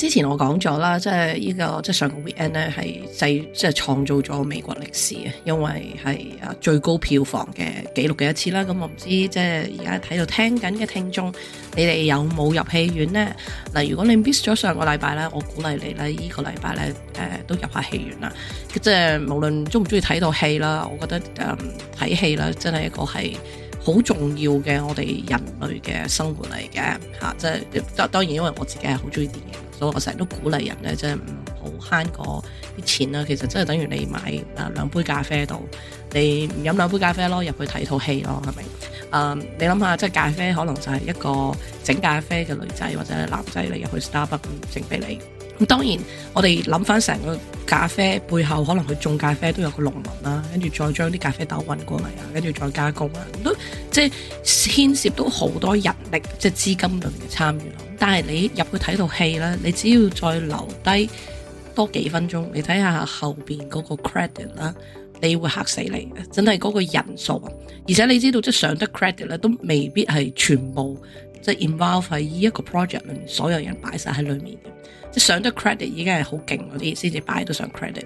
之前我講咗啦，即係呢個即係上個 weekend 咧，係製即係創造咗美國歷史啊，因為係啊最高票房嘅紀錄嘅一次啦。咁我唔知即係而家睇到聽緊嘅聽眾，你哋有冇入戲院咧？嗱，如果你 miss 咗上個禮拜咧，我鼓勵你咧，呢個禮拜咧，誒都入下戲院啦。即係無論鍾唔鍾意睇到戲啦，我覺得誒睇戲啦，真係一個係。好重要嘅，我哋人類嘅生活嚟嘅，吓即係，當當然，因為我自己係好中意電影，所以我成日都鼓勵人咧，即係唔好慳嗰啲錢啦，啊。其實真係等於你買啊兩杯咖啡度，你唔飲兩杯咖啡咯，入去睇套戲咯，係咪？誒、嗯，你諗下，即係咖啡可能就係一個整咖啡嘅女仔或者男仔嚟入去 Starbucks 整俾你。咁當然，我哋諗翻成個咖啡背後，可能佢種咖啡都有個農民啦，跟住再將啲咖啡豆運過嚟啊，跟住再加工啊，都即係牽涉到好多人力即係資金嚕嘅參與。但係你入去睇套戲咧，你只要再留低多幾分鐘，你睇下後邊嗰個 credit 啦，你會嚇死你嘅。真係嗰個人數啊！而且你知道，即係上得 credit 咧，都未必係全部。即係 involve 喺 in 呢一個 project 裏面，所有人擺晒喺裏面嘅，即係上咗 credit 已經係好勁嗰啲，先至擺到上 credit。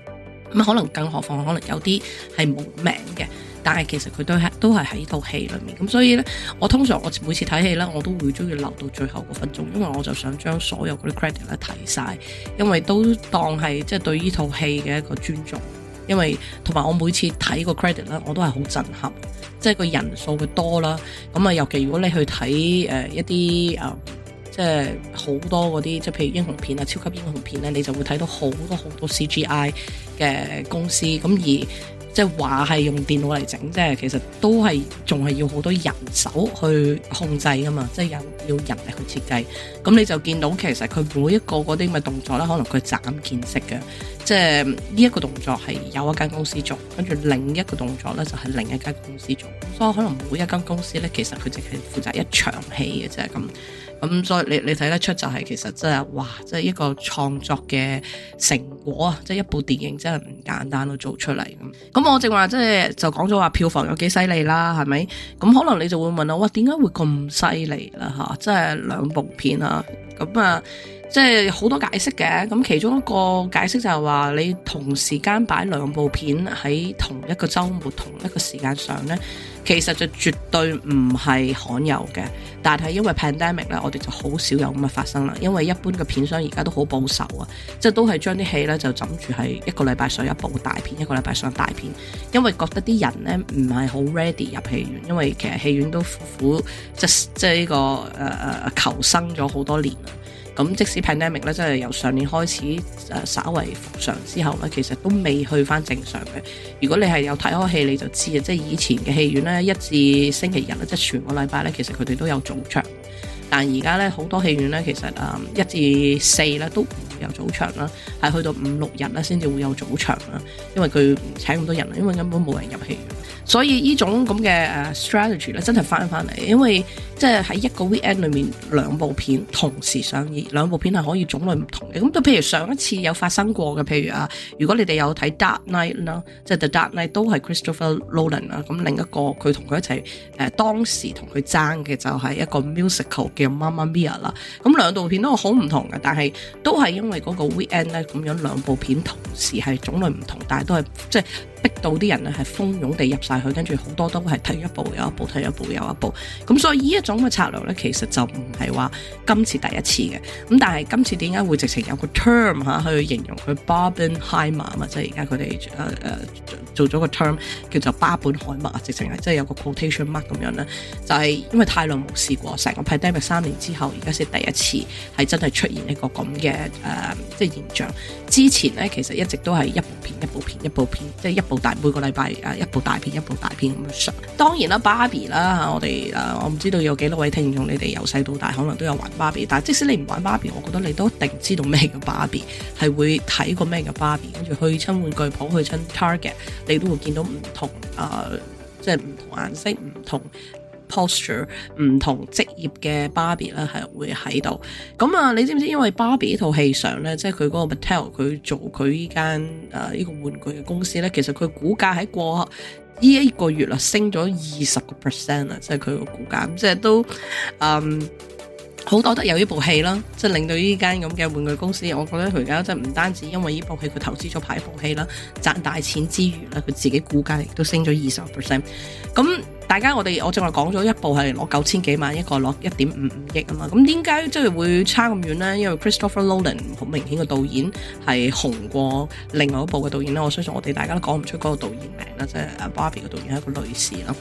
咁可能更何況可能有啲係冇名嘅，但係其實佢都係都係喺套戲裏面。咁所以呢，我通常我每次睇戲呢，我都會中意留到最後嗰分鐘，因為我就想將所有嗰啲 credit 咧睇晒，因為都當係即係對呢套戲嘅一個尊重。因為同埋我每次睇個 credit 啦，我都係好震撼，即係個人數會多啦。咁啊，尤其如果你去睇誒、呃、一啲啊、呃，即係好多嗰啲即係譬如英雄片啊、超級英雄片咧，你就會睇到好多好多 CGI 嘅公司咁而。即係話係用電腦嚟整，即係其實都係仲係要好多人手去控制噶嘛，即係有要人力去設計。咁你就見到其實佢每一個嗰啲咁嘅動作呢，可能佢斬見識嘅，即係呢一個動作係有一間公司做，跟住另一個動作呢就係另一間公司做，所以可能每一間公司呢，其實佢淨係負責一場戲嘅啫咁。咁、嗯、所以你你睇得出就係、是、其實真、就、係、是、哇，即、就、係、是、一個創作嘅成果啊，即、就、係、是、一部電影真係唔簡單都做出嚟咁。咁我正話即係就講咗話票房有幾犀利啦，係咪？咁可能你就會問我，哇，點解會咁犀利啦？吓、啊，即係兩部片啊咁啊。嗯啊即係好多解釋嘅，咁其中一個解釋就係話，你同時間擺兩部片喺同一個週末同一個時間上呢，其實就絕對唔係罕有嘅。但係因為 pandemic 咧，我哋就好少有咁嘅發生啦。因為一般嘅片商而家都好保守啊，即係都係將啲戲呢就枕住係一個禮拜上一部大片，一個禮拜上大片，因為覺得啲人呢唔係好 ready 入戲院，因為其實戲院都苦苦，即係呢個誒、呃、求生咗好多年。咁即使 pandemic 咧，即係由上年開始誒，稍為復常之後咧，其實都未去翻正常嘅。如果你係有睇開戲，你就知啊，即係以前嘅戲院咧，一至星期日咧，即係全個禮拜咧，其實佢哋都有早場。但而家咧，好多戲院咧，其實誒一至四咧都唔會有早場啦，係去到五六日咧先至會有早場啦，因為佢請咁多人，因為根本冇人入戲院。所以呢種咁嘅誒 strategy 咧，真係返返嚟，因為即係喺一個 weekend 裏面兩部片同時上演，兩部片係可以種類唔同嘅。咁就譬如上一次有發生過嘅，譬如啊，如果你哋有睇 Dark Knight 啦，即係 The Dark Knight 都係 Christopher Nolan 啦，咁另一個佢同佢一齊誒、呃、當時同佢爭嘅就係一個 musical 嘅 Mamma Mia 啦，咁兩部片都好唔同嘅，但係都係因為嗰個 weekend 咧咁樣兩部片同時係種類唔同，但係都係即係。逼到啲人咧係蜂擁地入晒去，跟住好多都係睇一步又一步，睇一步又一步。咁所以呢一種嘅策略咧，其實就唔係話今次第一次嘅。咁但係今次點解會直情有個 term 吓去形容佢 Barbenheimer 嘛？即係而家佢哋誒誒做咗個 term 叫做巴本海默，啊，直情係即係有個 quotation mark 咁樣啦。就係、是、因為太耐冇試過，成個 pandemic 三年之後，而家先第一次係真係出現一個咁嘅誒即係現象。之前咧其實一直都係一。片一部片一部片，一部片，即係一部大，每個禮拜啊一部大片一部大片咁樣上。當然啦，芭比啦，我哋啊，我唔知道有幾多位聽眾，你哋由細到大可能都有玩芭比。但係即使你唔玩芭比，我覺得你都一定知道咩叫芭比，係會睇過咩叫芭比，跟住去親玩具鋪去親 Target，你都會見到唔同啊、呃，即係唔同顏色唔同。Posture 唔同職業嘅芭比咧，係會喺度。咁啊，你知唔知？因為芭比呢套戲上咧，即係佢嗰個 Mattel，佢做佢呢間誒呢個玩具嘅公司咧，其實佢股價喺過呢一個月啦，升咗二十個 percent 啦，即係佢個股價，即係都嗯好多得有呢部戲啦，即係令到呢間咁嘅玩具公司，我覺得佢而家即係唔單止因為呢部戲佢投資咗排部戲啦，賺大錢之餘咧，佢自己股價亦都升咗二十個 percent 咁。大家我哋我正話講咗一部係攞九千幾萬，一個攞一點五五億啊嘛。咁點解即係會差咁遠咧？因為 Christopher Nolan 好明顯嘅導演係紅過另外一部嘅導演咧。我相信我哋大家都講唔出嗰個導演名啦，即係誒 Barbie 嘅導演係一個女士啦。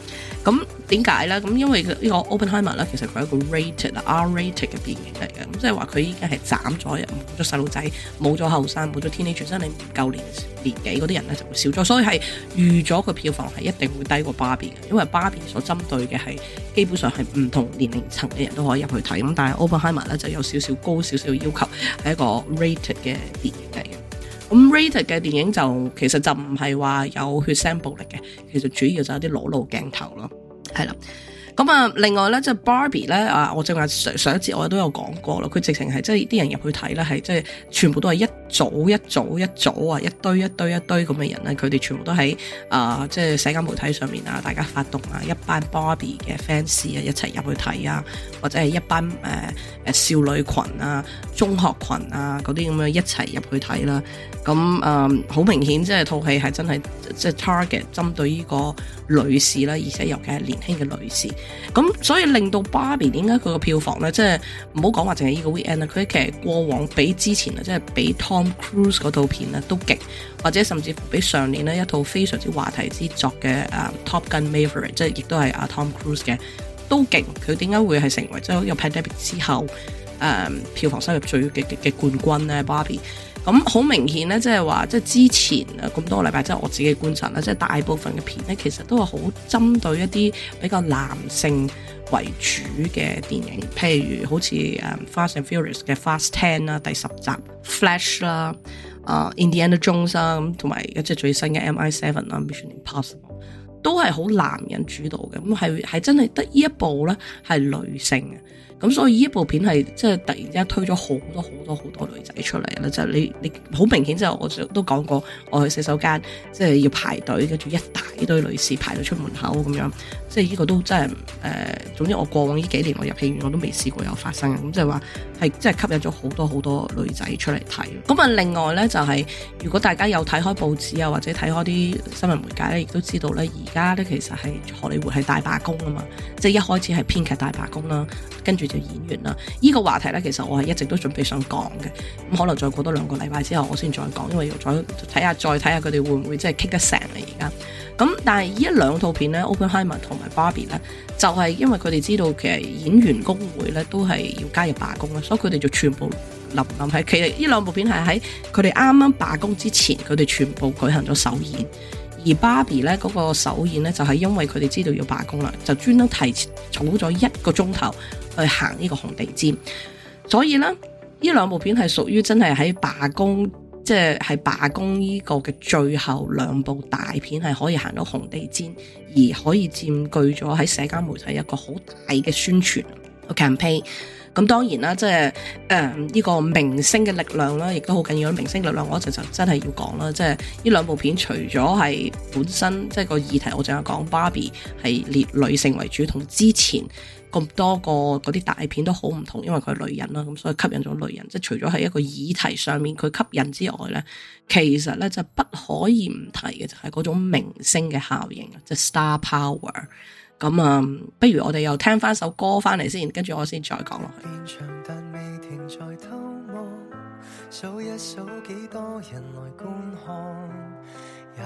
咁點解咧？咁因為呢個 Oppenheimer 咧，其實佢係一個 Rated R Rated 嘅電影嚟嘅，咁即係話佢而家係斬咗，冇咗細路仔，冇咗後生，冇咗 teenager，你唔夠年年紀嗰啲人咧就會少咗，所以係預咗佢票房係一定會低過 Barbie 嘅，因為所針對嘅係基本上係唔同年齡層嘅人都可以入去睇，咁但係《奧本海默》咧就有少少高少少要求，係一個 rated 嘅電影嚟。咁 rated 嘅電影就其實就唔係話有血腥暴力嘅，其實主要就係一啲裸露鏡頭咯，係啦。咁啊，另外咧，即係 Barbie 咧啊，我正話上上一節我都有講過啦，佢直情係即係啲人入去睇咧，係即係全部都係一組一組一組啊，一堆一堆一堆咁嘅人咧，佢哋全部都喺啊，即係社交媒體上面啊，大家發動啊，一班 Barbie 嘅 fans 啊一齊入去睇啊，或者係一班誒誒少女群啊、中學群啊啲咁樣一齊入去睇啦。咁誒好明顯即係套戲係真係即係 target 針對呢個女士啦，而且尤其係年輕嘅女士。咁所以令到 Barbie 點解佢個票房咧，即係唔好講話淨係呢個 Weekend 啦，佢其實過往比之前啊，即係比 Tom Cruise 嗰套片咧都勁，或者甚至乎比上年呢一套非常之話題之作嘅誒、um, Top Gun Maverick，即係亦都係阿 Tom Cruise 嘅都勁。佢點解會係成為即係有 Pandemic 之後誒、嗯、票房收入最嘅嘅冠軍咧？Barbie。Barbie 咁好、嗯、明顯咧，即係話，即係之前啊，咁多個禮拜，即係我自己觀察咧，即係大部分嘅片咧，其實都係好針對一啲比較男性為主嘅電影，譬如好似誒《Fast and Furious》嘅《Fast Ten》啦，第十集《Flash》啦，誒《Indiana Jones》，啊，咁，同埋一隻最新嘅《M I Seven》啦，啊，《Mission Impossible》都係好男人主導嘅，咁係係真係得呢一部咧係女性。咁、嗯、所以呢部片係即係突然之間推咗好多好多好多女仔出嚟啦，就是、你你好明顯之後，我就都講過，我去洗手間即係要排隊，跟住一大堆女士排到出門口咁樣。即係呢個都真係誒、呃，總之我過往呢幾年我入戲院我都未試過有發生嘅，咁即係話係即係吸引咗好多好多女仔出嚟睇。咁啊，另外呢，就係、是、如果大家有睇開報紙啊，或者睇開啲新聞媒介咧，亦都知道呢，而家呢其實係荷里活係大罷工啊嘛，即係一開始係編劇大罷工啦，跟住就演員啦。呢、這個話題呢，其實我係一直都準備想講嘅，咁可能再過多兩個禮拜之後我先再講，因為要再睇下再睇下佢哋會唔會即係傾得成啊而家。咁但係呢一兩套片呢，Oppenheimer 同，芭比咧，就係、是、因為佢哋知道其實演員工會咧都係要加入罷工啦，所以佢哋就全部立立喺其實呢兩部片係喺佢哋啱啱罷工之前，佢哋全部舉行咗首演。而芭比咧嗰個首演咧就係、是、因為佢哋知道要罷工啦，就專登提早咗一個鐘頭去行呢個紅地氈，所以呢，呢兩部片係屬於真係喺罷工。即係係罷工依個嘅最後兩部大片係可以行到紅地氈，而可以佔據咗喺社交媒體一個好大嘅宣傳 campaign、嗯。咁當然啦，即係誒依個明星嘅力量啦，亦都好緊要。明星力量我一陣就真係要講啦。即係呢兩部片除咗係本身即係個議題我講，我淨係講 Barbie 系列女性為主，同之前。咁多個嗰啲大片都好唔同，因為佢係女人咯，咁所以吸引咗女人。即係除咗係一個議題上面佢吸引之外咧，其實咧就不可以唔提嘅，就係嗰種明星嘅效應，即係 star power。咁啊，不如我哋又聽翻首歌翻嚟先，跟住我先再講落去。現場但未停在偷望，數一數幾多人來觀看。也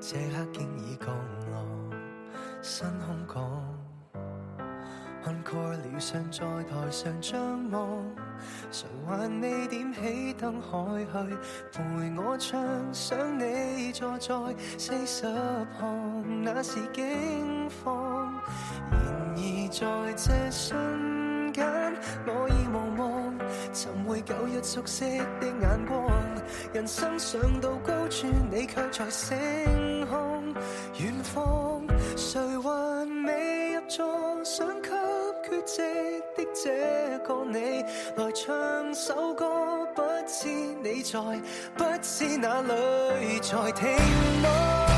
許你這刻經已降落新空港。分開了尚在台上張望，誰還未點起燈海去陪我唱？想你坐在四十旁那是驚慌。然而在這瞬間，我已無望尋回舊日熟悉的眼光。人生上到高處，你卻在星空遠方。誰還未入座？想 這的這個你，來唱首歌，不知你在，不知哪裏在聽我。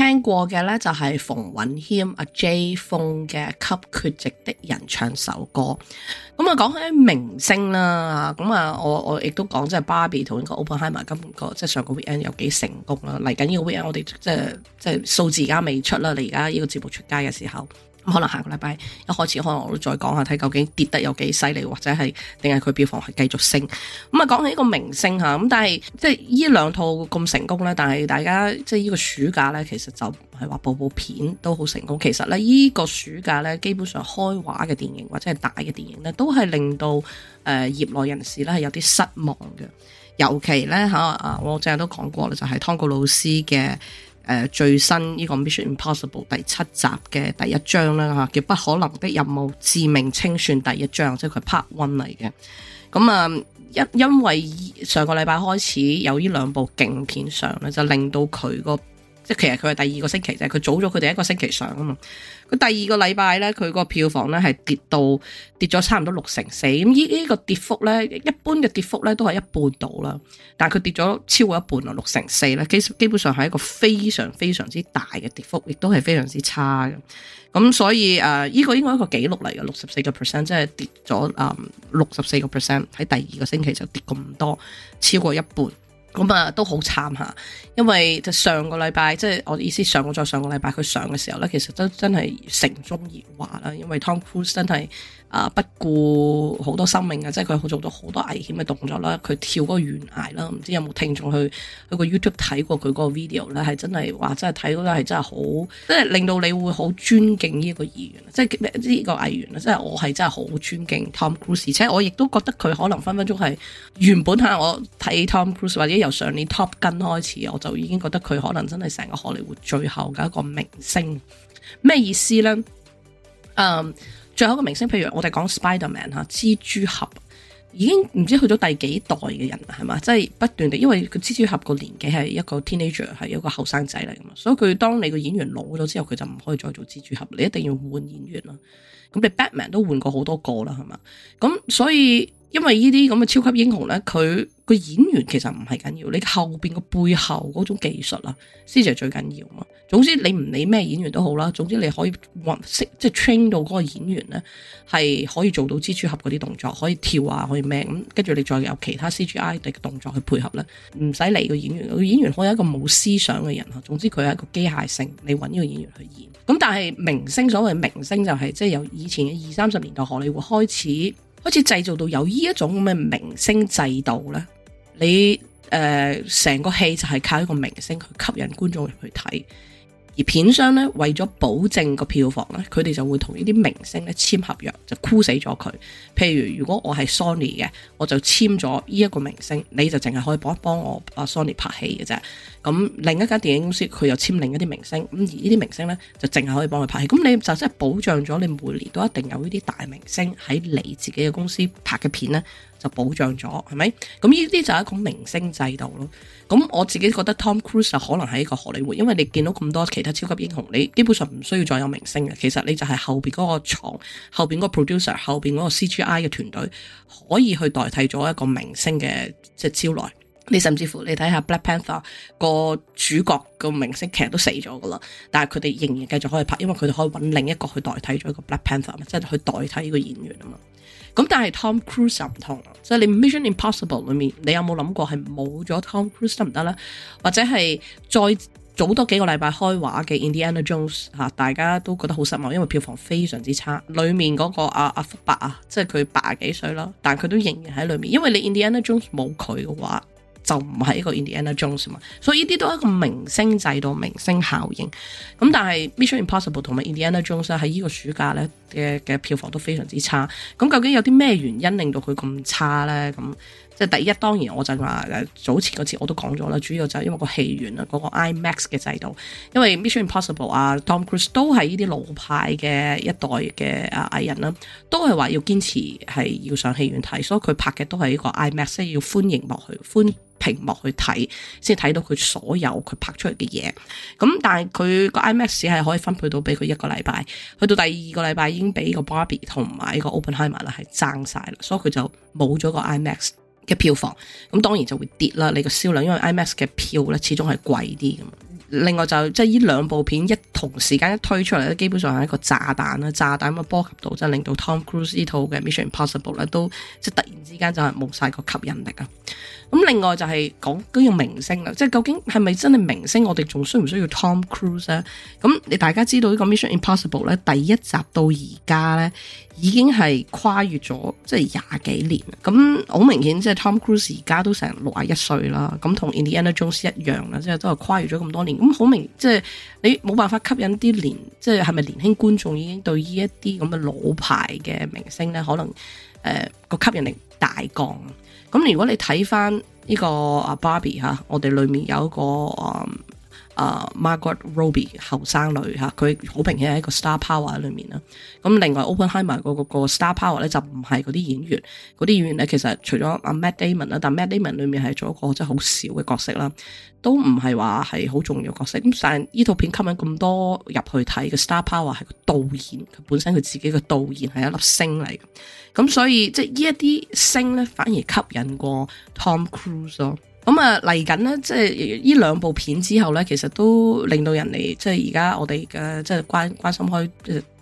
聽過嘅咧就係馮允謙阿 Jay 峰嘅給缺席的人唱首歌。咁啊講起明星啦，咁、嗯、啊我我亦都講即係 Barbie 同一個 Oppenheimer 根本個即係上個 weekend 有幾成功啦，嚟緊呢個 weekend 我哋即係即係數字而家未出啦，嚟而家呢個節目出街嘅時候。可能下個禮拜一開始，可能我都再講下睇究竟跌得有幾犀利，或者係定係佢票房係繼續升。咁、嗯、啊，講起呢個明星吓，咁但係即係呢兩套咁成功咧，但係大家即係呢個暑假咧，其實就唔係話部部片都好成功。其實咧呢、這個暑假咧，基本上開畫嘅電影或者係大嘅電影咧，都係令到誒、呃、業內人士咧係有啲失望嘅。尤其咧吓啊，我成日都講過啦，就係湯告老師嘅。最新呢、這個《Mission Impossible》第七集嘅第一章啦嚇，叫《不可能的任務，致命清算》第一章，即係佢 part one 嚟嘅。咁、嗯、啊，因因為上個禮拜開始有呢兩部勁片上咧，就令到佢個。即其實佢係第二個星期啫，佢早咗佢哋一個星期上啊嘛。佢第二個禮拜咧，佢個票房咧係跌到跌咗差唔多六成四。咁依依個跌幅咧，一般嘅跌幅咧都係一半到啦。但係佢跌咗超過一半啊，六成四咧，基基本上係一個非常非常之大嘅跌幅，亦都係非常之差嘅。咁所以誒，依、呃這個應該係一個紀錄嚟嘅，六十四個 percent，即係跌咗誒，六十四個 percent 喺第二個星期就跌咁多，超過一半。咁啊，都好慘吓，因為就上個禮拜，即係我意思上，上個再上個禮拜佢上嘅時候咧，其實都真係城中而話啦，因為 Tom Cruise 真係。啊！不顧好多生命啊，即係佢好做咗好多危險嘅動作啦，佢跳嗰個懸崖啦，唔知有冇聽眾去去個 YouTube 睇過佢個 video 咧？係真係話真係睇到都係真係好，即係令到你會好尊敬呢一個議員，即係呢個藝員啦。即係我係真係好尊敬 Tom Cruise，而且我亦都覺得佢可能分分鐘係原本嚇我睇 Tom Cruise 或者由上年 Top Gun 開始，我就已經覺得佢可能真係成個荷里活最後嘅一個明星。咩意思咧？嗯、um。最後一個明星，譬如我哋講 Spider-Man 吓，蜘蛛俠，已經唔知去咗第幾代嘅人啦，係嘛？即係不斷地，因為佢蜘蛛俠個年紀係一個 teenager，係一個後生仔嚟噶嘛，所以佢當你個演員老咗之後，佢就唔可以再做蜘蛛俠，你一定要換演員咯。咁你 Batman 都換過好多個啦，係嘛？咁所以。因為呢啲咁嘅超級英雄呢，佢個演員其實唔係緊要，你後邊個背後嗰種技術啊，先至係最緊要嘛。總之你唔理咩演員都好啦，總之你可以揾識即係 train 到嗰個演員呢，係可以做到蜘蛛俠嗰啲動作，可以跳啊，可以咩咁，跟住你再有其他 C G I 嘅動作去配合呢，唔使理個演員，個演員可以一個冇思想嘅人啊。總之佢係一個機械性，你揾呢個演員去演。咁但係明星所謂明星就係、是、即係由以前嘅二三十年代荷里活開始。好似製造到有呢一種咁嘅明星制度咧，你誒成、呃、個戲就係靠一個明星去吸引觀眾入去睇。而片商咧為咗保證個票房咧，佢哋就會同呢啲明星咧簽合約，就箍死咗佢。譬如如果我係 Sony 嘅，我就簽咗呢一個明星，你就淨係可以幫一幫我阿、啊、Sony 拍戲嘅啫。咁、嗯、另一間電影公司佢又簽另一啲明星，咁而呢啲明星咧就淨係可以幫佢拍戲。咁你就真係保障咗你每年都一定有呢啲大明星喺你自己嘅公司拍嘅片咧。就保障咗，係咪？咁呢啲就係一種明星制度咯。咁我自己覺得 Tom Cruise 可能係一個荷里活，因為你見到咁多其他超級英雄，你基本上唔需要再有明星嘅。其實你就係後邊嗰個廠、後邊嗰個 producer、後邊嗰個 CGI 嘅團隊，可以去代替咗一個明星嘅即係招來。你甚至乎你睇下 Black Panther 個主角、嗰個明星其實都死咗㗎喇，但係佢哋仍然繼續可以拍，因為佢哋可以揾另一個去代替咗一個 Black Panther，即係去代替呢個演員啊嘛。咁但係 Tom Cruise 就唔同，即係你 Mission Impossible 裏面，你有冇諗過係冇咗 Tom Cruise 得唔得呢？或者係再早多幾個禮拜開畫嘅 Indiana Jones 吓，大家都覺得好失望，因為票房非常之差。裏面嗰個阿、啊、阿、啊、福伯啊，即係佢八十幾歲啦，但佢都仍然喺裏面，因為你 Indiana Jones 冇佢嘅話。就唔係一個 Indiana Jones 嘛，所以呢啲都係一個明星制度、明星效應。咁但係 Mission Impossible 同埋 Indiana Jones 喺呢個暑假咧嘅嘅票房都非常之差。咁究竟有啲咩原因令到佢咁差咧？咁即第一，當然我就話早前嗰次我都講咗啦，主要就係因為個戲院啦，嗰、嗰個 IMAX 嘅制度，因為 Mission、er、Impossible 啊、Tom Cruise 都係呢啲老派嘅一代嘅藝人啦，都係話要堅持係要上戲院睇，所以佢拍嘅都係呢個 IMAX，係要寬迎落去寬屏幕去睇，先睇到佢所有佢拍出嚟嘅嘢。咁但係佢個 IMAX 係可以分配到俾佢一個禮拜，去到第二個禮拜已經俾個 Barbie 同埋呢個 Oppenheimer 啦係爭曬啦，所以佢就冇咗個 IMAX。嘅票房，咁當然就會跌啦。你個銷量，因為 IMAX 嘅票咧始終係貴啲噶嘛。另外就即係呢兩部片一同時間一推出嚟咧，基本上係一個炸彈啦。炸彈咁波及到，即係令到 Tom Cruise 套呢套嘅 Mission Impossible 咧都即係突然之間就係冇晒個吸引力啊。咁另外就係、是、講嗰個明星啦，即係究竟係咪真係明星？我哋仲需唔需要 Tom Cruise 咧？咁你大家知道、這個、呢個 Mission Impossible 咧，第一集到而家咧。已經係跨越咗即係廿幾年，咁好明顯，即係 Tom Cruise 而家都成六十一歲啦。咁同 Indiana Jones 一樣啦，即係都係跨越咗咁多年。咁好明，即係你冇辦法吸引啲年，即係係咪年輕觀眾已經對呢一啲咁嘅老牌嘅明星咧，可能誒個、呃，吸引力大降。咁如果你睇翻呢個阿 Barbie 吓，我哋裏面有一個誒。嗯啊、uh, Margot Robbie 後生女嚇，佢好明顯係一個 star power 喺裡面啦。咁另外 Oppenheimer 個 star power 咧就唔係嗰啲演員，嗰啲演員咧，其實除咗阿 Matt Damon 啦，但 Matt Damon 裡面係做一個即係好少嘅角色啦，都唔係話係好重要角色。咁但係呢套片吸引咁多入去睇嘅 star power 係個導演，佢本身佢自己嘅導演係一粒星嚟。咁所以即係呢一啲星咧，反而吸引過 Tom Cruise 咯。咁啊嚟緊呢，即係呢兩部片之後呢，其實都令到人哋即係而家我哋嘅即係關關心開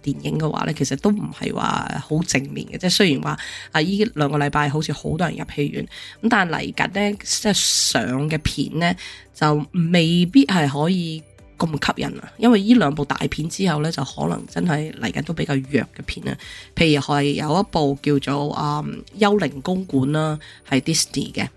電影嘅話呢，其實都唔係話好正面嘅。即係雖然話啊，呢兩個禮拜好似好多人入戲院，咁但係嚟緊呢，即係上嘅片呢，就未必係可以咁吸引啊。因為呢兩部大片之後呢，就可能真係嚟緊都比較弱嘅片啊。譬如係有一部叫做《啊、嗯、幽靈公館》啦，係 Disney 嘅。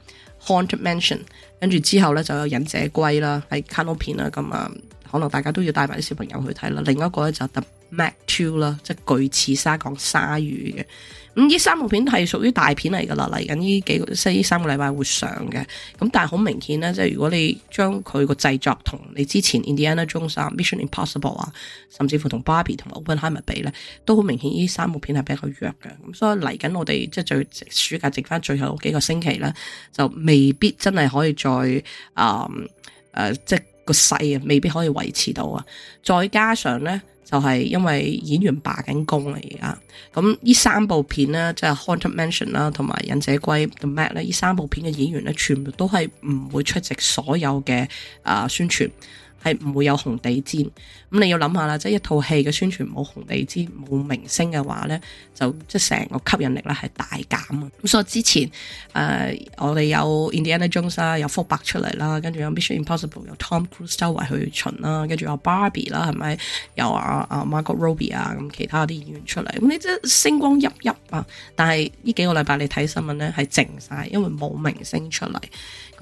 Haunted Mansion，跟住之後咧就有忍者龜啦，係卡通片啦，咁啊，可能大家都要帶埋啲小朋友去睇啦。另一個咧就 The Meg Two 啦，ool，即係巨齒鯊講鯊魚嘅。咁呢、嗯、三部片係屬於大片嚟噶啦，嚟緊呢幾個即係呢三個禮拜會上嘅。咁但係好明顯咧，即係如果你將佢個製作同你之前 Indiana Jones、啊、Mission Impossible 啊，甚至乎同 Barbie 同 Oppenheimer 比咧，都好明顯呢三部片係比較弱嘅。咁所以嚟緊我哋即係最暑假剩翻最後幾個星期咧，就未必真係可以再誒誒、嗯呃，即係個勢啊，未必可以維持到啊。再加上咧。就係因為演員罷緊工啊，而家咁呢三部片呢，即係 Haunted Mansion 啦，同埋忍者龜同 m a t 咧，呢三部片嘅演員呢，全部都係唔會出席所有嘅啊、呃、宣傳。係唔會有紅地氈咁，你要諗下啦，即係一套戲嘅宣傳冇紅地氈冇明星嘅話咧，就即係成個吸引力咧係大減啊！咁所以之前誒、呃、我哋有 Indiana Jones 啊，有福伯出嚟啦，跟住有 Mission Impossible 有 Tom Cruise 周圍去巡啦，跟住有 Barbie 啦，係咪又啊啊 Margot Robbie 啊咁其他啲演員出嚟咁？你即星光熠熠啊！但係呢幾個禮拜你睇新聞咧係靜晒，因為冇明星出嚟。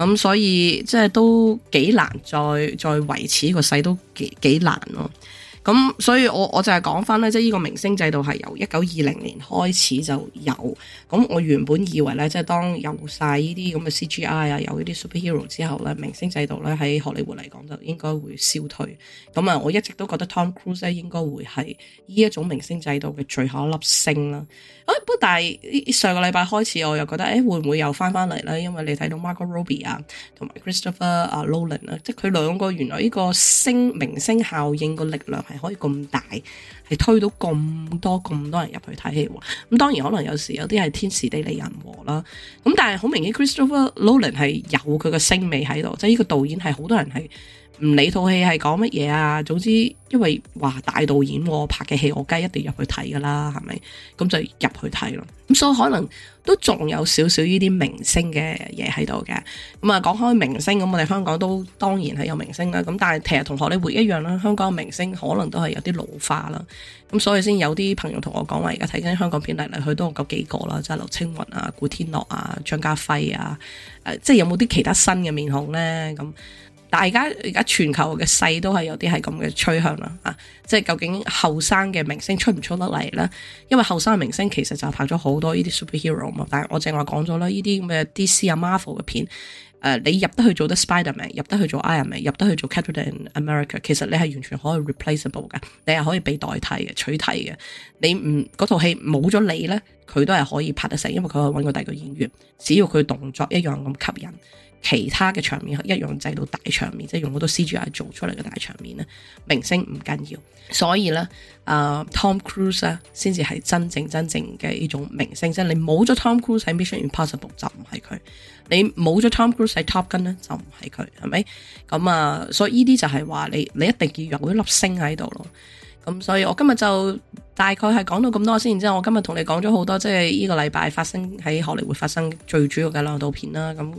咁，嗯，所以即係都幾難再，再再維持個勢都幾幾難咯，啊。咁所以我我就係講翻咧，即係呢個明星制度係由一九二零年開始就有。咁我原本以為咧，即係當有晒呢啲咁嘅 C G I 啊，有呢啲 superhero 之後咧，明星制度咧喺荷里活嚟講就應該會消退。咁啊，我一直都覺得 Tom Cruise 咧應該會係呢一種明星制度嘅最後一粒星啦。誒，不過但係上個禮拜開始我又覺得誒會唔會又翻翻嚟咧？因為你睇到 Margot Robbie 啊，同埋 Christopher 啊 Nolan 啊，即佢兩個原來呢個星明星效應個力量。係可以咁大，係推到咁多咁多人入去睇戲，咁當然可能有時有啲係天時地利人和啦，咁但係好明顯 Christopher Nolan 係有佢嘅聲味喺度，即係呢個導演係好多人係。唔理套戲係講乜嘢啊，總之因為話大導演、哦、拍嘅戲，我梗係一定入去睇噶啦，係咪？咁就入去睇咯。咁所以可能都仲有少少呢啲明星嘅嘢喺度嘅。咁啊，講開明星，咁我哋香港都當然係有明星啦。咁但係其實同學你會一樣啦，香港明星可能都係有啲老化啦。咁所以先有啲朋友同我講話，而家睇緊香港片嚟嚟去都嗰幾個啦，即係劉青雲啊、古天樂啊、張家輝啊，啊，即係有冇啲其他新嘅面孔呢？咁。大家而家全球嘅勢都係有啲係咁嘅趨向啦，啊！即係究竟後生嘅明星出唔出得嚟咧？因為後生嘅明星其實就拍咗好多呢啲 superhero 嘛。但係我正話講咗啦，呢啲咁嘅 DC 啊、Marvel 嘅片，誒、呃，你入得去做啲 Spiderman，入得去做 Ironman，入得去做 Captain America，其實你係完全可以 replaceable 嘅，你係可以被代替嘅、取替嘅。你唔嗰套戲，冇咗你咧，佢都係可以拍得成，因為佢可以揾個第二個演員，只要佢動作一樣咁吸引。其他嘅場面一樣製到大場面，即係用好多 C G I 做出嚟嘅大場面咧，明星唔緊要。所以咧，啊、uh, Tom Cruise 咧、啊，先至係真正真正嘅呢種明星。即係你冇咗 Tom Cruise 喺 Mission Impossible 就唔係佢，你冇咗 Tom Cruise 喺 Top Gun 咧就唔係佢，係咪？咁啊，所以呢啲就係話你你一定要有一粒星喺度咯。咁所以我今日就大概係講到咁多先，然之後我今日同你講咗好多，即係呢個禮拜發生喺荷里活發生最主要嘅兩道片啦。咁誒，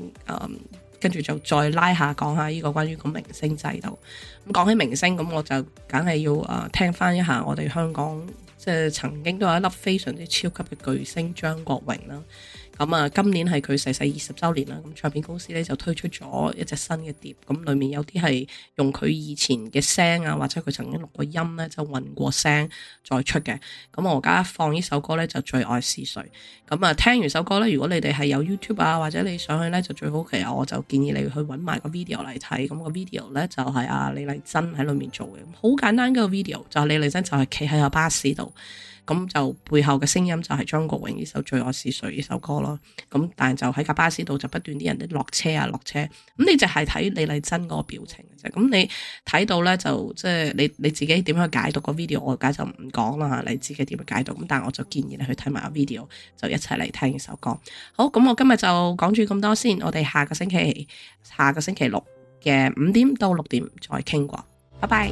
跟、嗯、住就再拉下講下呢個關於個明星制度。咁講起明星，咁我就梗係要誒、呃、聽翻一下我哋香港即係、就是、曾經都有一粒非常之超級嘅巨星張國榮啦。咁啊，今年係佢逝世二十周年啦，咁唱片公司咧就推出咗一隻新嘅碟，咁裏面有啲係用佢以前嘅聲啊，或者佢曾經錄過音咧，就混過聲再出嘅。咁我而家放呢首歌咧就是《最愛是誰》。咁啊，聽完首歌咧，如果你哋係有 YouTube 啊，或者你上去咧就最好奇，其實我就建議你去搵埋個 video 嚟睇。咁、個 video 咧就係阿李麗珍喺裏面做嘅，好簡單嘅 video，就係、係、李麗珍就係企喺個巴士度。咁就背後嘅聲音就係張國榮呢首《最愛是誰》呢首歌咯，咁但係就喺架巴士度就不斷啲人咧落車啊落車，咁你就係睇李麗珍嗰個表情嘅啫，咁你睇到呢，就即係、就是、你你自己點樣解讀個 video，我而家就唔講啦，你自己點解讀，咁但係我就建議你去睇埋個 video，就一齊嚟聽呢首歌。好，咁我今日就講住咁多先，我哋下個星期下個星期六嘅五點到六點再傾過，拜拜。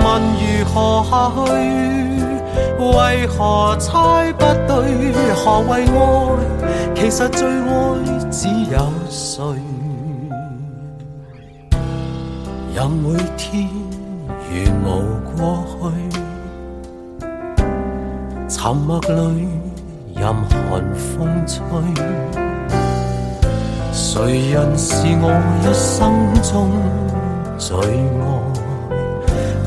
問如何下去？為何猜不對？何為愛？其實最愛只有誰？任每天如霧過去，沉默裏任寒風吹。誰人是我一生中最愛？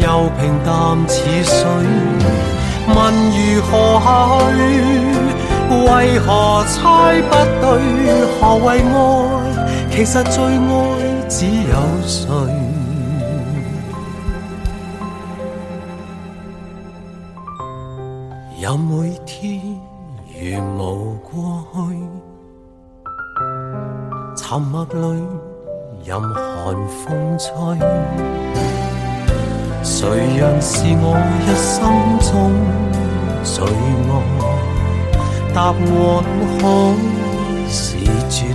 又平淡似水，問如何下去？為何猜不對？何為愛？其實最愛只有誰？ 有每天如霧過去，沉默裏任寒風吹。誰人是我一生中最愛，答案可 是……